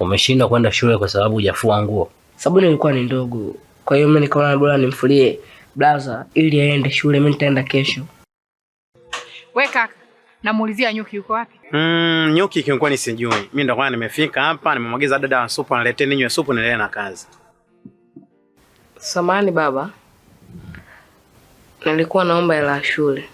umeshindwa kwenda shule kwa sababu hujafua nguo? Sabuni ilikuwa ni ndogo, kwa hiyo mimi nikaona bora nimfulie blaza ili aende shule. Mimi nitaenda kesho. We kaka, namuulizia nyuki yuko wapi? Mm, nyuki kimekuwa ni sijui. Mimi ndo kwani nimefika hapa, nimemwagiza dada wa supu aniletee ninywe supu niendelee na kazi. Samani baba, nilikuwa naomba hela ya shule.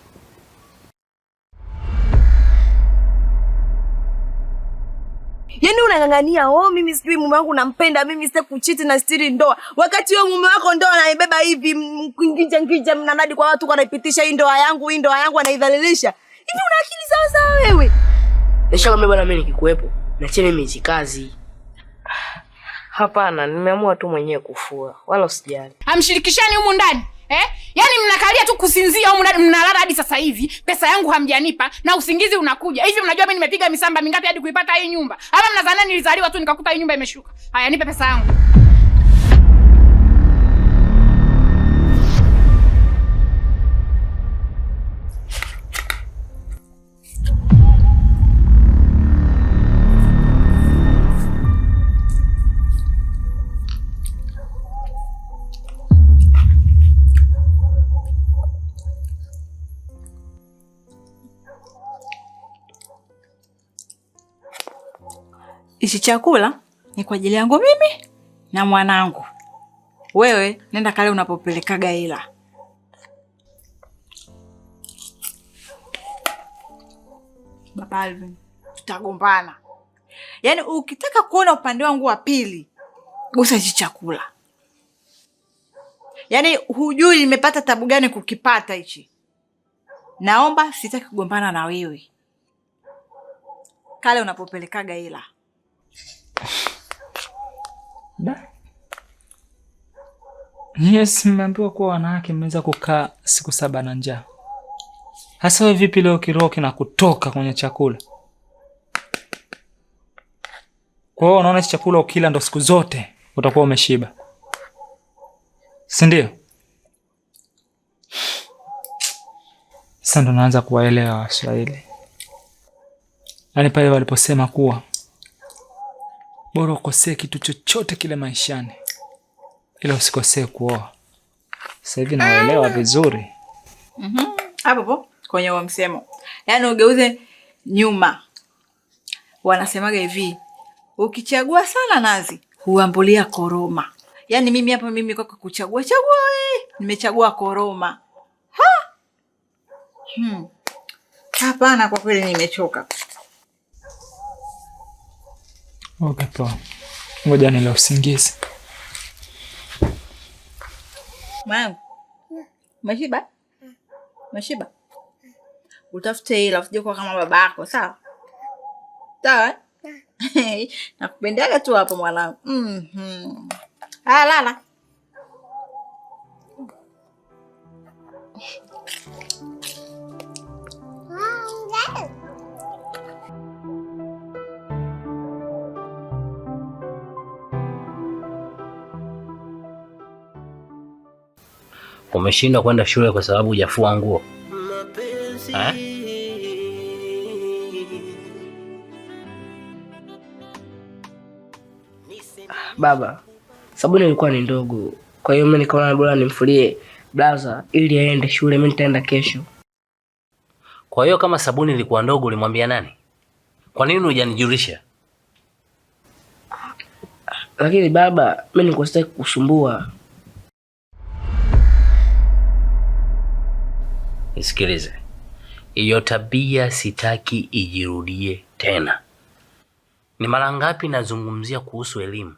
Yaani unang'ang'ania oh, mimi sijui mume wangu nampenda, mimi sitaki kuchiti na stiri ndoa, wakati wewe mume wako ndoa anaibeba hivi nginja nginja, mnanadi kwa watu, anaipitisha hii ndoa yangu, hii ndoa yangu, anaidhalilisha hivi. Una akili sawa sawa wewe? Nishakwambia bwana, mimi nikikuwepo nachene mizi kazi. Hapana, nimeamua tu mwenyewe kufua, wala usijali. Hamshirikishani humu ndani Eh? Yaani mnakalia tu kusinzia au mnalala hadi sasa hivi, pesa yangu hamjanipa na usingizi unakuja. Hivi mnajua mimi nimepiga misamba mingapi hadi kuipata hii nyumba? Ama mnazania nilizaliwa tu nikakuta hii nyumba imeshuka. Haya nipe pesa yangu. Hichi chakula ni kwa ajili yangu mimi na mwanangu. Wewe nenda kale unapopelekaga hela. Baba Alvin, tutagombana. Yaani ukitaka kuona upande wangu wa pili, gusa hichi chakula. Yaani hujui nimepata tabu gani kukipata hichi. Naomba sitaki kugombana na wewe. Kale unapopelekaga hela. Yes, mmeambiwa kuwa wanawake mmeweza kukaa siku saba na njaa. Hasa wewe vipi leo kiroho kina kutoka kwenye chakula? Kwa hiyo unaona chakula ukila ndo siku zote utakuwa umeshiba. Si ndio? Sasa ndo naanza kuwaelewa Waswahili. Yaani pale waliposema kuwa Bora ukosee kitu chochote kile maishani, ila usikosee kuoa. Sasa hivi naelewa vizuri mhm. hapo po kwenye wa msemo, yaani ugeuze nyuma. Wanasemaga hivi, ukichagua sana nazi huambulia koroma. Yaani mimi hapa mimi kwa kuchagua chagua, nimechagua koroma. Hmm. Hapana, hmm. Kwa kweli nimechoka. Okay, poa. Ngoja nila usingizi. Mwanangu. Umeshiba? Umeshiba? Utafute hela usije kuwa kama babako, sawa? Sawa? Eh? Nakupendaga tu hapo mwanangu. Mhm. Mm ah, lala. Umeshindwa kwenda shule kwa sababu hujafua nguo eh? Baba, sabuni ilikuwa ni ndogo, kwa hiyo mimi nikaona bora nimfulie blaza ili aende shule. Mimi nitaenda kesho. Kwa hiyo kama sabuni ilikuwa ndogo, ulimwambia nani? Kwa nini hujanijulisha? Lakini baba, mimi nikustaki kukusumbua nisikilize, hiyo tabia sitaki ijirudie tena. Ni mara ngapi nazungumzia kuhusu elimu?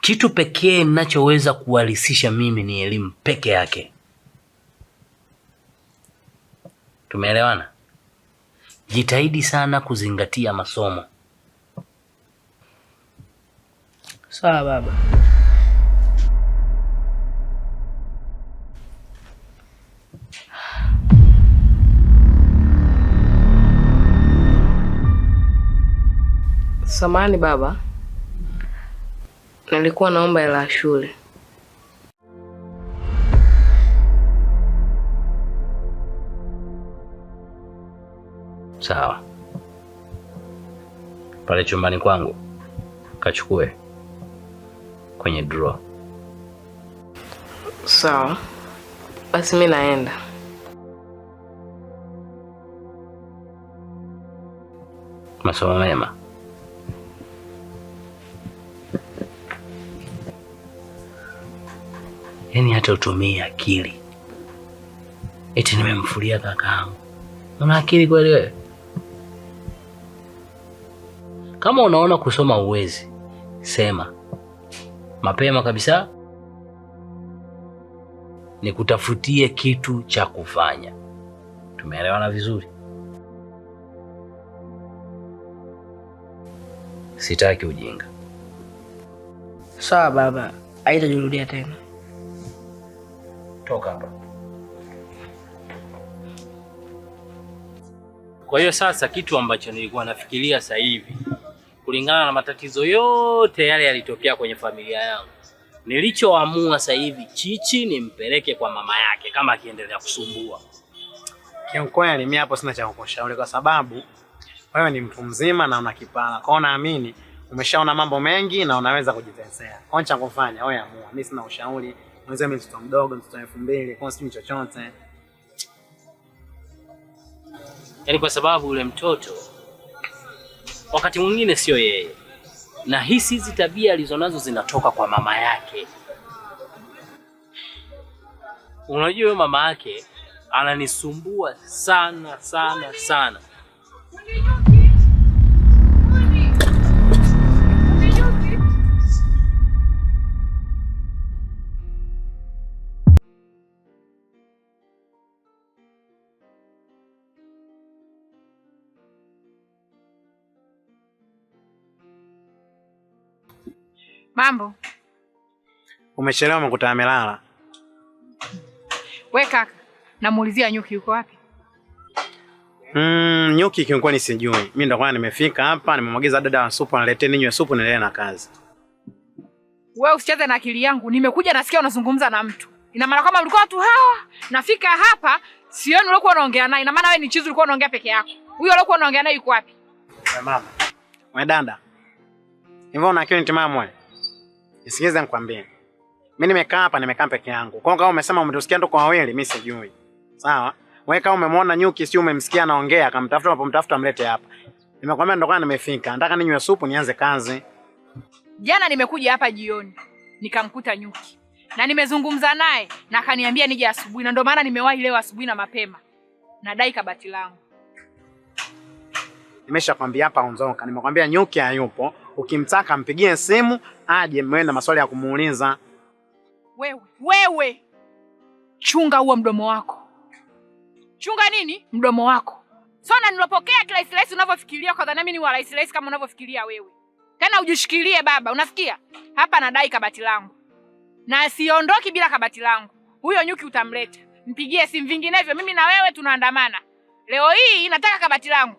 Kitu pekee ninachoweza kuwalisisha mimi ni elimu peke yake. Tumeelewana? Jitahidi sana kuzingatia masomo. Sawa baba. Samani baba, nilikuwa naomba hela ya shule. Sawa, pale chumbani kwangu kachukue kwenye draw. Sawa basi, mi naenda. Masomo mema. hata utumie akili. Eti nimemfulia yangu. una akili kweli wewe? Kama unaona kusoma uwezi, sema mapema kabisa nikutafutie kitu cha kufanya. Tumeelewana vizuri? Sitaki ujinga. Sawa baba, haitajirudia tena toka hapa. Kwa hiyo sasa, kitu ambacho nilikuwa nafikiria sasa hivi, kulingana na matatizo yote yale yalitokea kwenye familia yangu, nilichoamua sasa hivi Chichi nimpeleke kwa mama yake kama akiendelea kusumbua. Kiukweli mimi hapo sina cha kukushauri kwa sababu wewe ni mtu mzima na una kipara. Kwa naamini umeshaona mambo mengi na unaweza kujitetea. Kwa cha kufanya wewe amua. Mimi sina ushauri. Mwanzo mimi mtoto mdogo, mtoto elfu mbili kwa sijui chochote yaani, kwa sababu yule mtoto wakati mwingine sio yeye, na hisi hizi tabia alizonazo zinatoka kwa mama yake. Unajua mama yake ananisumbua sana sana sana. Mambo. Umechelewa umekuta amelala. We kaka, namuulizia nyuki yuko wapi? Mm, nyuki kiungua ni sijui. Mimi ndo kwa nimefika hapa, nimemwagiza dada wa supu aniletee ninywe supu niendelee na kazi. Wewe usicheze na akili yangu. Nimekuja nasikia unazungumza na mtu. Ina maana kama ulikuwa tu hawa, nafika hapa, sioni ulikuwa unaongea naye. Ina maana wewe ni chizi ulikuwa unaongea peke yako. Huyo ulikuwa unaongea naye yuko wapi? Mama. Mwe dada. Hivyo unakiwa ni timamu wewe? Nisikize nikwambie. Mimi nimekaa hapa nimekaa peke yangu. Kwa kama umesema umetusikia ndo kwa wawili, mimi sijui. Sawa? Wewe kama umemwona nyuki si umemsikia anaongea, akamtafuta hapo mtafuta mlete hapa. Nimekwambia ndo kana nimefika. Nataka ninywe supu nianze kazi. Jana nimekuja hapa jioni nikamkuta nyuki na nimezungumza naye na akaniambia nije asubuhi, na ndio maana nimewahi leo asubuhi na mapema. Nadai kabati langu. Nimeshakwambia hapa, unzoka Nimekwambia nyuki hayupo. Ukimtaka mpigie simu aje, mwe na maswali ya kumuuliza. Wewe wewe, chunga huo mdomo wako. Chunga nini? Mdomo wako. Sona nilopokea kirahisi rahisi unavyofikiria, kwa dhana mimi ni wa rahisi rahisi kama unavyofikiria wewe. Tena ujishikilie baba, unasikia? Hapa nadai kabati langu na siondoki bila kabati langu. Huyo nyuki utamleta, mpigie simu, vinginevyo mimi na wewe tunaandamana. Leo hii nataka kabati langu.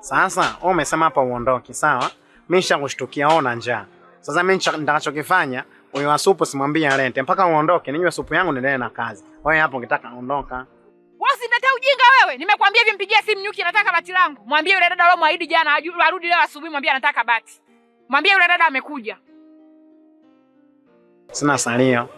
Sasa wewe umesema hapa uondoke, sawa? Mimi nishakushtukia ona njaa. Sasa mimi nitakachokifanya, huyo wa supu simwambie alete mpaka uondoke, ninywe supu yangu niendelee na kazi. Wewe hapo ungetaka ondoka. Wasinilete ujinga wewe. Nimekwambia hivi, mpigie simu Nyuki, nataka bati langu. Mwambie yule dada alomwahidi jana arudi leo asubuhi, mwambie anataka bati. Mwambie yule dada amekuja. Sina salio.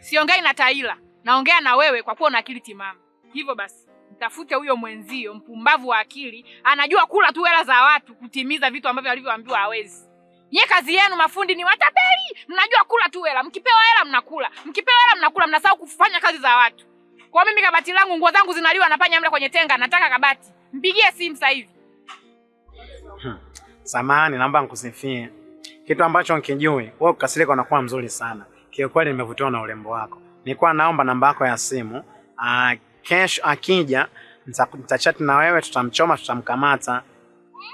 Siongei na Taila. Naongea na wewe kwa kuwa una akili timamu. Hivyo basi mtafute huyo mwenzio mpumbavu wa akili, anajua kula tu hela za watu kutimiza vitu ambavyo alivyoambiwa hawezi. Nyie kazi yenu mafundi ni watapeli, mnajua kula tu hela, mkipewa hela mnakula, mkipewa hela mnakula, mnasahau kufanya kazi za watu. Kwa mimi kabati langu, nguo zangu zinaliwa na panya mle kwenye tenga, nataka kabati. Mpigie simu sasa hivi. Hmm. Samahani, naomba nikusifie kitu ambacho nkijui. Wewe kukasirika unakuwa mzuri sana kiukweli, nimevutiwa na urembo wako. Nilikuwa naomba namba yako ya simu. Aa, ah, kesho akija nitachat na wewe, tutamchoma tutamkamata.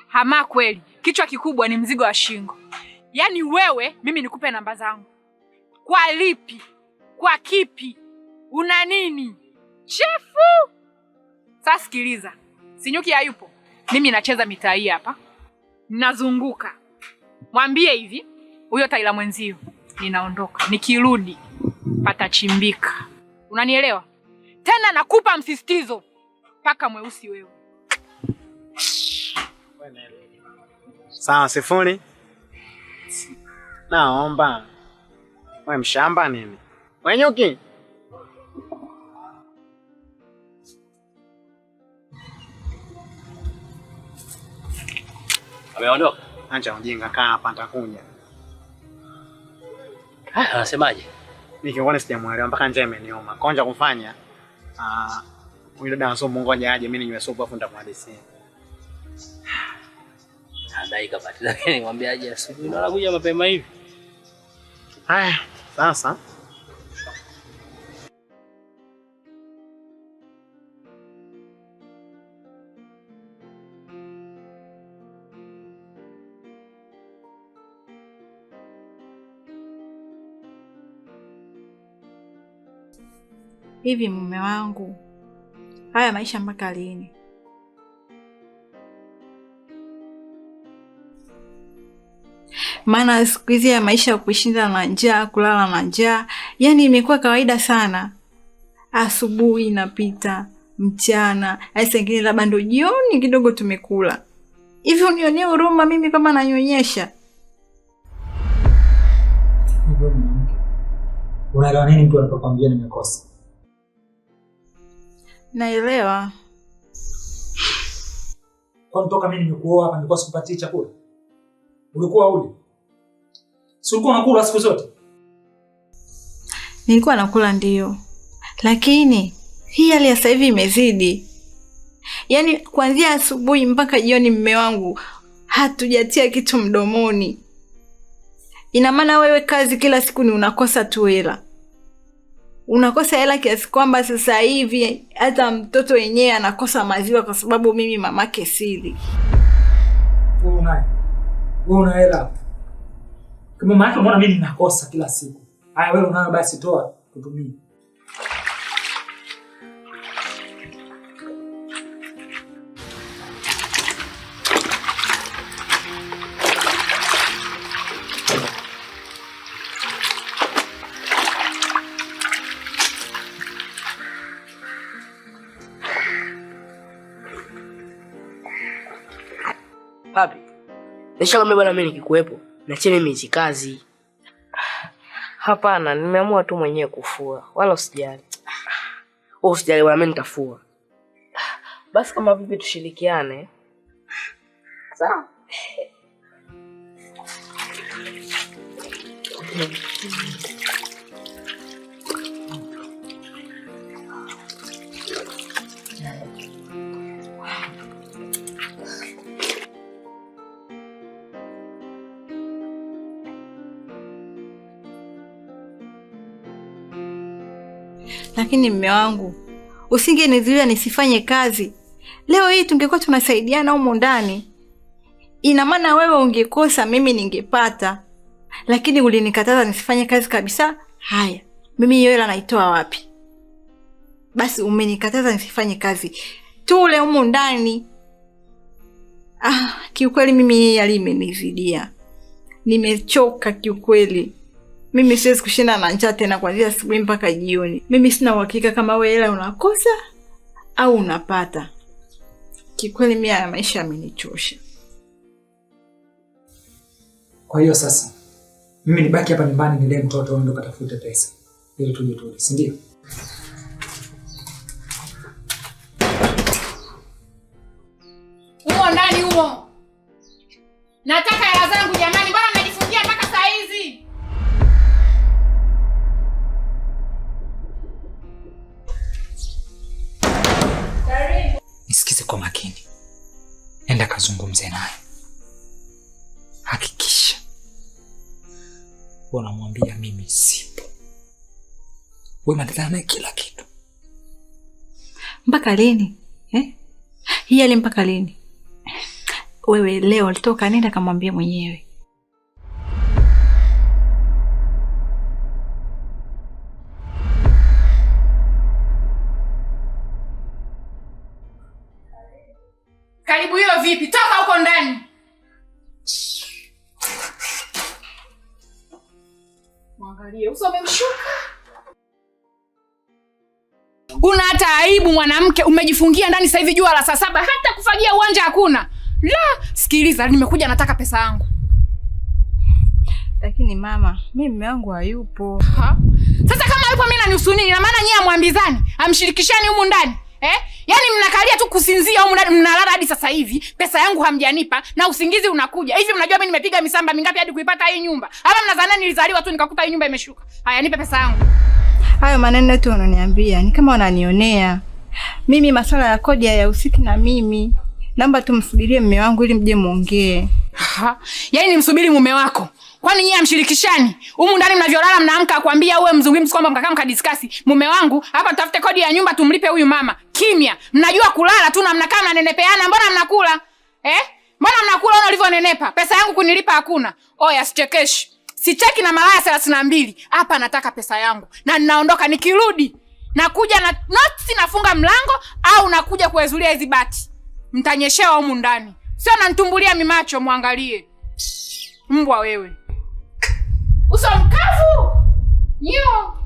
Hama kweli, kichwa kikubwa ni mzigo wa shingo. Yaani wewe mimi nikupe namba zangu kwa lipi? Kwa kipi? Una nini chifu? Sasa sikiliza, Sinyuki hayupo, mimi nacheza mitaa hii hapa, nazunguka. Mwambie hivi huyo taila mwenzio, ninaondoka, nikirudi patachimbika. Unanielewa? Tena nakupa msisitizo mpaka mweusi wewe. Sawa Sifuni, naomba we mshamba nini wenyuki ameondoka. Acha ujinga, kaa hapa nitakuja. Anasemaje? Nikiona sijamwelewa mpaka njaa imeniuma. Konja kufanya Ah, huyu dada anasoma ngoja aje, mimi ninywe afu nitakuhadithia. Nadai kabati lakini nikwambia aje asubuhi. Unaona mapema hivi. Haya, sasa Hivi mume wangu, haya maisha mpaka lini? Maana siku hizi ya maisha ya kushinda na njaa, kulala na njaa, yaani imekuwa kawaida sana. Asubuhi inapita, mchana, yaani labda ndo jioni kidogo tumekula. Hivi unionee huruma mimi kama nanyonyesha? Unaelewa nini mtu anapokwambia nimekosa? Naelewa. Kwa toka mimi nimekuoa hapa nilikuwa sikupati chakula. Ulikuwa uli. Si ulikuwa unakula siku zote? Nilikuwa nakula ndiyo. Lakini hii hali ya sasa hivi imezidi. Yaani kuanzia asubuhi mpaka jioni mme wangu hatujatia kitu mdomoni. Ina maana wewe kazi kila siku ni unakosa tu hela unakosa hela kiasi kwamba sasa hivi hata mtoto wenyewe anakosa maziwa kwa sababu mimi mamake sili. Una hela kama mama yake, mbona mimi ninakosa kila siku? Haya, wewe unayo, basi toa tutumie. Nishakwambia bwana, mimi nikikuwepo nacheni mizi kazi. Hapana, nimeamua tu mwenyewe kufua, wala usijali. Wewe usijali bwana, mimi nitafua. Basi kama vipi, tushirikiane sawa? Mm. Lakini mme wangu, usingenizuia nisifanye kazi, leo hii tungekuwa tunasaidiana humo ndani. Ina maana wewe ungekosa, mimi ningepata, lakini ulinikataza nisifanye kazi kabisa. Haya, mimi hiyo hela naitoa wapi? Basi umenikataza nisifanye kazi, tule humu ndani. Ah, kiukweli mimi hii yali imenizidia, nimechoka kiukweli. Mimi siwezi kushinda na njaa tena kuanzia asubuhi mpaka jioni. Mimi sina uhakika kama wewe hela unakosa au unapata. Kikweli mimi haya maisha yamenichosha. Kwa hiyo sasa mimi nibaki hapa nyumbani nilee mtoto ndo katafute pesa ili tuje tule, si ndio? Huo ndani huo, nataka hela zangu jamani. kwa makini, nenda kazungumze naye, hakikisha unamwambia mimi sipo. Unataka naye kila kitu. Mpaka lini eh? Hii ali mpaka lini? Wewe leo alitoka, nenda kamwambia mwenyewe Una hata aibu mwanamke, umejifungia ndani sasa hivi jua la saa saba, hata kufagia uwanja hakuna. La, sikiliza, nimekuja nataka pesa yangu. Lakini mama, mimi mume wangu hayupo. Ha? Sasa kama yupo mimi nanihusu nini? Na maana nyie amwambizani, amshirikishani humu ndani. Eh? Yaani mnakalia tu kusinzia humu ndani mnalala hadi sasa hivi. Pesa yangu hamjanipa na usingizi unakuja. Hivi mnajua mimi nimepiga misamba mingapi hadi kuipata hii nyumba? Ama mnadhani nilizaliwa tu nikakuta hii nyumba imeshuka. Haya nipe pesa yangu. Hayo maneno tu unaniambia ni kama wananionea mimi. Masuala ya kodi hayahusiki na mimi, naomba tumsubirie mume wangu ili mje muongee. Yaani nimsubiri mume wako? Kwani nyie amshirikishani humu ndani? Mnavyolala mnaamka, akwambia uwe mzungumzi kwamba mkakaa mkadiskasi, mume wangu hapa, tutafute kodi ya nyumba tumlipe huyu mama. Kimya, mnajua kulala tu na mnakaa mnanenepeana. Mbona mnakula eh? Mbona mnakula? Ona ulivyonenepa, pesa yangu kunilipa hakuna. Oya, sichekeshi Sicheki na malaya thelathini na mbili hapa. Nataka pesa yangu na ninaondoka. Nikirudi nakuja na noti, nafunga mlango au nakuja kuwezulia hizi bati, mtanyeshewa humu ndani, sio nantumbulia mimacho. Mwangalie mbwa wewe, uso mkavu nyo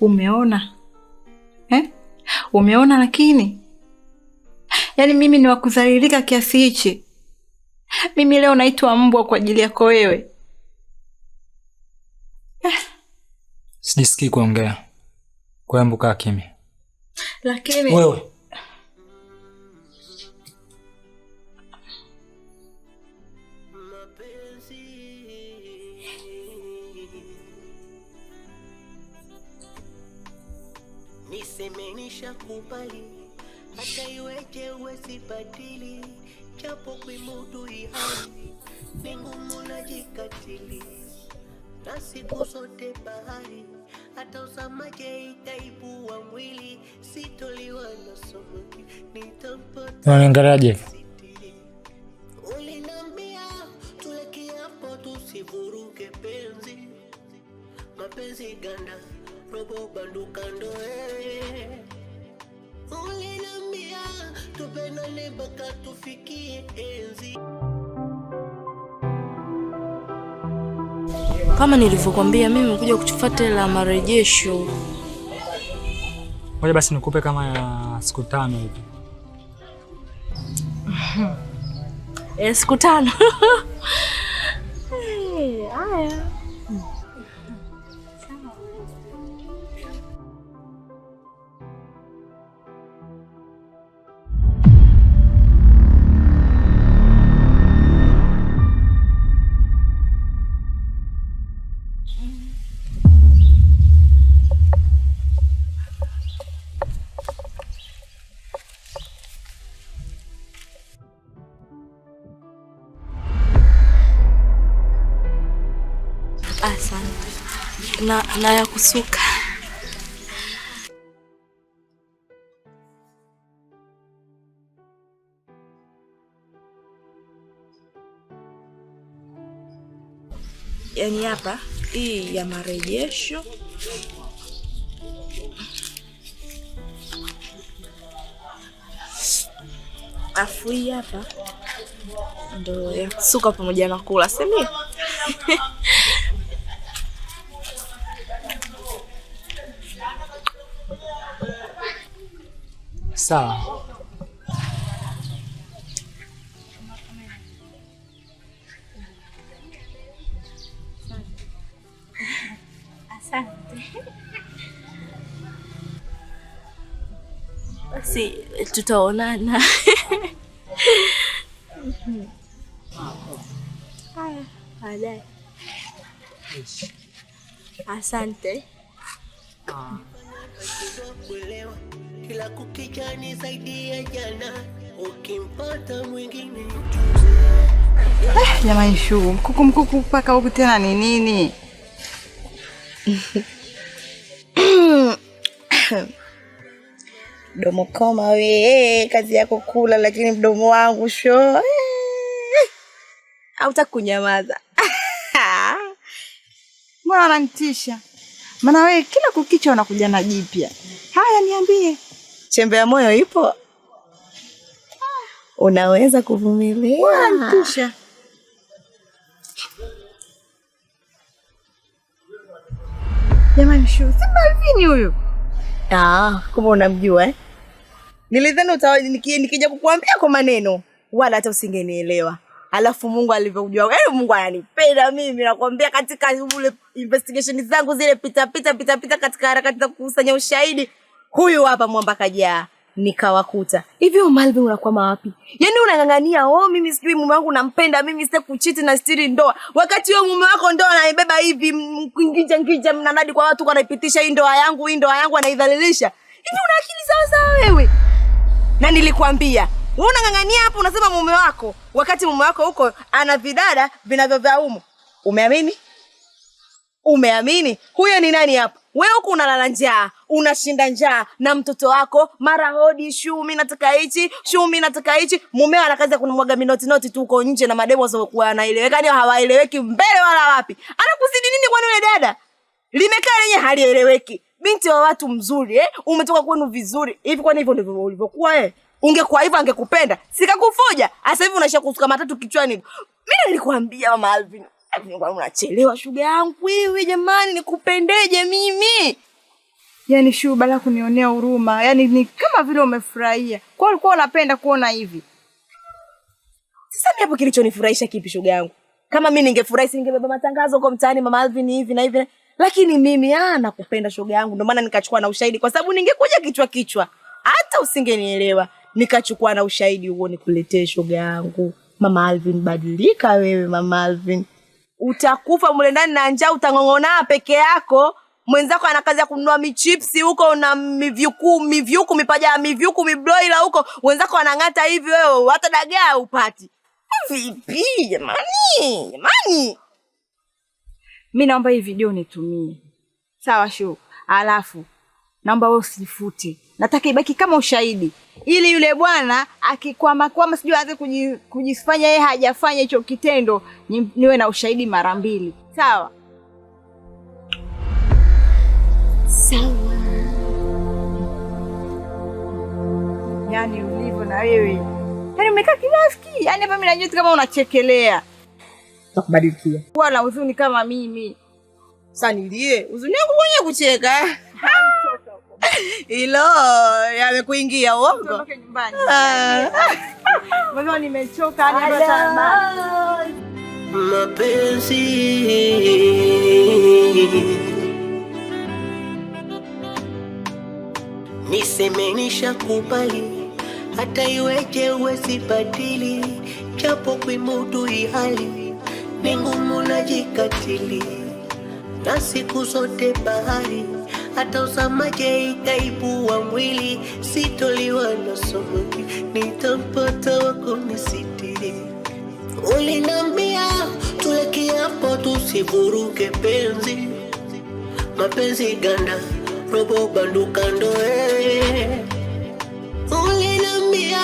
Umeona eh? Umeona, lakini yaani mimi ni wakudhalilika kiasi hichi? Mimi leo naitwa mbwa kwa ajili yako wewe eh? Sijisikii kuongea, kwa mbukaa kimya. Lakini wewe kukubali, hata iweje uwezibadili, japo kuimudu ihali ni ngumu, najikatili na siku zote bahari, hata uzamaje itaibua mwili, sitoliwa na somoki nitampata tufikie enzi. Kama nilivyokuambia mimi nimekuja kuchufata la marejesho. Ngoja basi nikupe kama ya siku tano hivi. Eh, siku tano Asante. Na, na ya kusuka yani hapa hii ya marejesho afu hii hapa ndo ya kusuka pamoja na kula semi Sawa. Basi tutaonana. Haya, baadaye. Asante. kila kukicha ni zaidi ya jana, ukimpata mwingine eh, jamani. Shu kuku mkuku mpaka huku tena ni nini? Mdomo koma we, eh, kazi yako kula, lakini mdomo wangu sho eh. hautaki kunyamaza. Mbona unanitisha? Maana wewe kila kukicha unakuja na jipya. Haya, niambie Chembe ya moyo ipo, unaweza kuvumilia. Kisha jamani, shu huyu. Ah, kumbe unamjua eh? Nilidhani utawa nikija kukuambia kwa maneno wala hata usingenielewa. Alafu Mungu alivyojua wewe, yaani Mungu ananipenda mimi, nakwambia. Katika ule investigation zangu zile pitapita pitapita, katika harakati za kukusanya ushahidi huyu hapa mwamba kajaa nikawakuta hivi. Malvin, unakwama wapi? Yaani unang'ang'ania oh, mimi sijui mume wangu nampenda mimi, sitaki kuchiti na stiri ndoa, wakati wewe mume wako ndoa anaibeba hivi ngija ngija, mnanadi kwa watu, anaipitisha hii ndoa yangu, hii ndoa yangu, anaidhalilisha hivi. Una akili sawa sawa wewe? Na nilikwambia wewe unang'ang'ania hapo, unasema mume wako, wakati mume wako huko ana vidada vinavyovya Umeamini? Umeamini? Huyo ni nani hapo? Wewe huko unalala njaa unashinda njaa na mtoto wako mara hodi, shumi nataka hichi, shumi nataka hichi. Mumeo anakaza kunimwaga minoti noti tu uko nje na mademu wasiokuwa wanaeleweka, ndio yaani hawaeleweki mbele wala wapi. Anakuzidi nini? Kwani yule dada limekaa lenye halieleweki. Binti wa watu mzuri eh? Umetoka kwenu vizuri hivi, kwani hivyo ndivyo ulivyokuwa eh? Ungekuwa hivyo angekupenda, sikakufoja. Sasa hivi unaisha kusuka matatu kichwani. Mimi nilikwambia mama Alvin, unachelewa shuga yangu. Hivi jamani, nikupendeje mimi? yani Shuu, bala kunionea huruma, yani ni kama vile umefurahia, kwa ulikuwa unapenda kuona hivi. Sasa mimi hapo kilichonifurahisha kipi shoga yangu? Kama mimi ningefurahi singebeba matangazo huko mtaani, mama Alvin hivi na hivi, lakini mimi ah, nakupenda shoga yangu, ndio maana nikachukua na ushahidi, kwa sababu ningekuja kichwa kichwa hata usingenielewa. Nikachukua na ushahidi huo nikuletee shoga yangu. Mama Alvin, badilika wewe, mama Alvin, utakufa mle ndani na njaa, utang'ong'ona peke yako mwenzako ana kazi ya kununua michipsi huko na mivyuku mivyuku mipaja ya mivyuku mibroila huko, mwenzako anang'ata hivi, wewe hata dagaa upati vipi? Jamani, jamani, mi naomba hii video nitumie, sawa shu, alafu naomba wewe usifute, nataka ibaki kama ushahidi, ili yule bwana kwama, sijui aanze kujifanya yeye hajafanya hicho kitendo, niwe na ushahidi mara mbili, sawa? sawa. Yani ulivyo na wewe, yani umekaa kinafiki. Yani hapa mimi najua kama unachekelea, takubadilikia wala huzuni kama mimi. Sasa nilie huzuni yangu mwenye kucheka ilo yamekuingia uongo. Ah. Nimechoka yaani mapenzi semenisha kubali, hata iweje uwezibadili, japo kuimudu ihali ni ngumu, jikatili, na siku zote bahari, hata uzamaje ikaibua mwili, sitoliwa na sumu, nitampata wako kunisitiri. Ulinambia tule kiapo tusivuruke penzi, mapenzi ganda robo banduka ndoe, ulinambia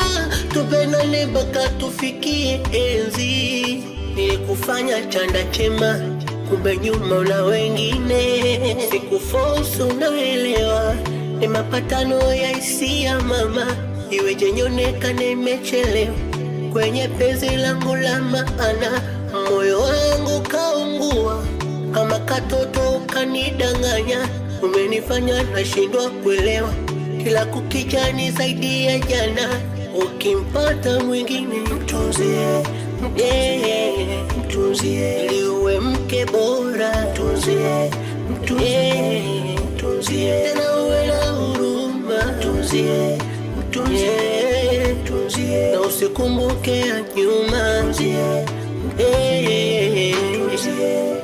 tupendane mpaka tufikie enzi. Nilikufanya chanda chema, kumbe nyuma una wengine. Sikufosu, naelewa ni mapatano ya hisia mama, iweje nionekane mechelewa kwenye penzi langu la maana. Moyo wangu kaungua kama katoto, kanidanganya umenifanya nashindwa kuelewa, kila kukicha ni zaidi ya jana. Ukimpata mwingine mtunzie, mtunzie, mtunzie, uwe mke bora, mtunzie, mtunzie, mtunzie, tena uwe na huruma, mtunzie, mtunzie, mtunzie, na usikumbuke nyuma, mtunzie, mtunzie